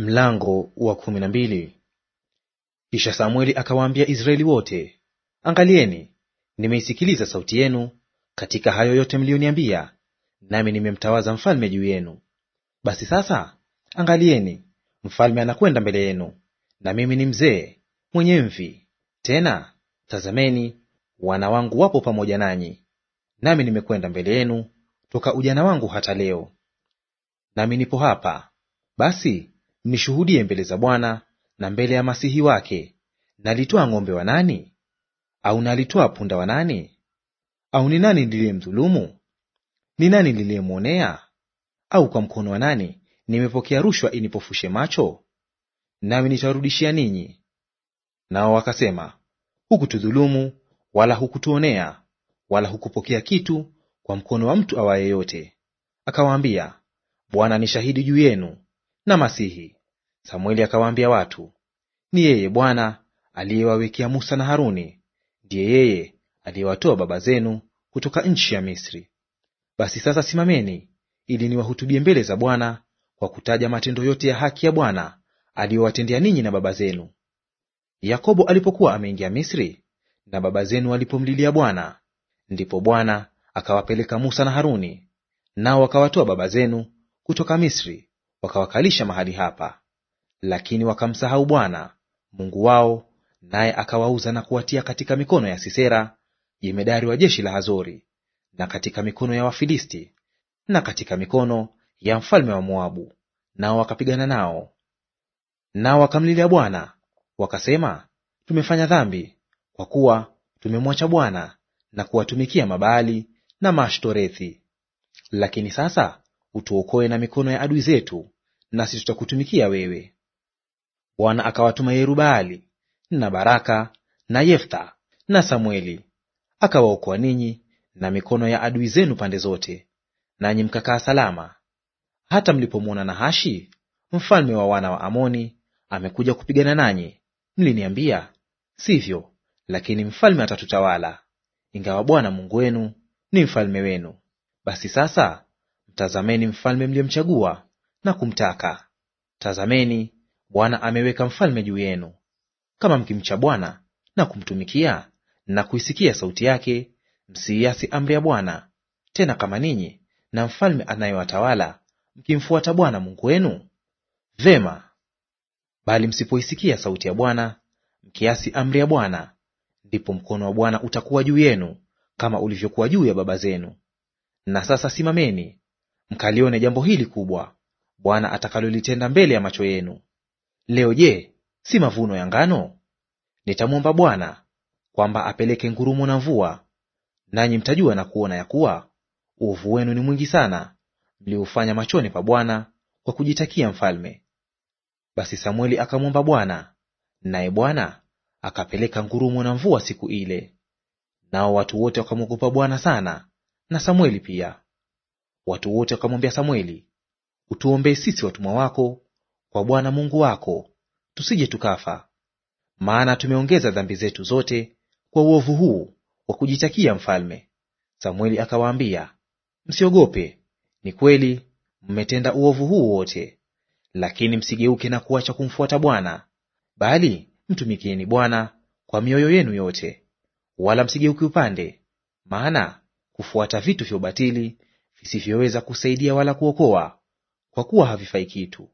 Mlango wa kumi na mbili. Kisha Samueli akawaambia Israeli wote, Angalieni, nimeisikiliza sauti yenu katika hayo yote mliyoniambia, nami nimemtawaza mfalme juu yenu. Basi sasa, angalieni, mfalme anakwenda mbele yenu, na mimi ni mzee mwenye mvi. Tena tazameni, wana wangu wapo pamoja nanyi, nami nimekwenda mbele yenu toka ujana wangu hata leo, nami nipo hapa. Basi mnishuhudie mbele za Bwana na mbele ya masihi wake, nalitoa ng'ombe wa nani? Au nalitwaa punda wa nani? Au ni nani niliyemdhulumu? Ni nani niliyemwonea? Au kwa mkono wa nani nimepokea rushwa inipofushe macho? Nami nitarudishia ninyi. Nao wakasema, hukutudhulumu, wala hukutuonea, wala hukupokea kitu kwa mkono wa mtu awaye yote. Akawaambia, Bwana ni shahidi juu yenu na Masihi. Samueli akawaambia watu, ni yeye Bwana aliyewawekea Musa na Haruni, ndiye yeye aliyewatoa baba zenu kutoka nchi ya Misri. Basi sasa simameni, ili niwahutubie mbele za Bwana kwa kutaja matendo yote ya haki ya Bwana aliyowatendea ninyi na baba zenu. Yakobo alipokuwa ameingia Misri na baba zenu walipomlilia Bwana, ndipo Bwana akawapeleka Musa na Haruni, nao akawatoa baba zenu kutoka Misri wakawakalisha mahali hapa. Lakini wakamsahau Bwana Mungu wao, naye akawauza na kuwatia katika mikono ya Sisera jemedari wa jeshi la Hazori, na katika mikono ya Wafilisti, na katika mikono ya mfalme wa Moabu, nao wakapigana nao. Nao wakamlilia Bwana wakasema, tumefanya dhambi kwa kuwa tumemwacha Bwana na kuwatumikia Mabaali na Maashtorethi. Lakini sasa utuokoe na mikono ya adui zetu, nasi tutakutumikia wewe. Bwana akawatuma Yerubaali na Baraka na Yeftha na Samueli, akawaokoa ninyi na mikono ya adui zenu pande zote, nanyi mkakaa salama. Hata mlipomwona Nahashi mfalme wa wana wa Amoni amekuja kupigana nanyi, mliniambia, sivyo, lakini mfalme atatutawala, ingawa Bwana Mungu wenu ni mfalme wenu. Basi sasa Tazameni mfalme mliyemchagua na kumtaka; tazameni, Bwana ameweka mfalme juu yenu. Kama mkimcha Bwana na kumtumikia na kuisikia sauti yake, msiiasi amri ya Bwana. Tena kama ninyi na mfalme anayewatawala mkimfuata Bwana Mungu wenu, vema. Bali msipoisikia sauti ya Bwana mkiasi amri ya Bwana, ndipo mkono wa Bwana utakuwa juu yenu kama ulivyokuwa juu ya baba zenu. Na sasa simameni mkalione jambo hili kubwa Bwana atakalolitenda mbele ya macho yenu. Leo je, si mavuno ya ngano? Nitamwomba Bwana kwamba apeleke ngurumo na mvua, nanyi mtajua na kuona ya kuwa uovu wenu ni mwingi sana mliofanya machoni pa Bwana kwa kujitakia mfalme. Basi Samueli akamwomba Bwana, naye Bwana akapeleka ngurumo na mvua siku ile. Nao watu wote wakamwogopa Bwana sana na Samueli pia. Watu wote wakamwambia Samweli, utuombee sisi watumwa wako kwa Bwana Mungu wako, tusije tukafa, maana tumeongeza dhambi zetu zote kwa uovu huu wa kujitakia mfalme. Samweli akawaambia, msiogope, ni kweli mmetenda uovu huu wote, lakini msigeuke na kuacha kumfuata Bwana, bali mtumikieni Bwana kwa mioyo yenu yote, wala msigeuke upande, maana kufuata vitu vya ubatili visivyoweza kusaidia wala kuokoa, kwa kuwa havifai kitu.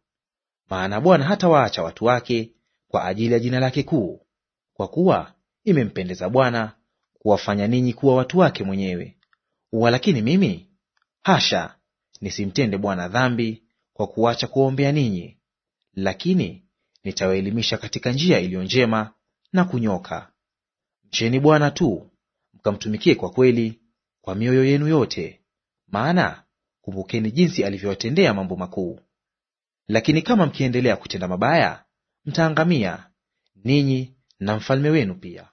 Maana Bwana hatawaacha watu wake kwa ajili ya jina lake kuu, kwa kuwa imempendeza Bwana kuwafanya ninyi kuwa watu wake mwenyewe. Walakini mimi hasha, nisimtende Bwana dhambi kwa kuacha kuwaombea ninyi, lakini nitawaelimisha katika njia iliyo njema na kunyoka. Mcheni Bwana tu mkamtumikie kwa kweli kwa mioyo yenu yote, maana kumbukeni jinsi alivyowatendea mambo makuu. Lakini kama mkiendelea kutenda mabaya, mtaangamia ninyi na mfalme wenu pia.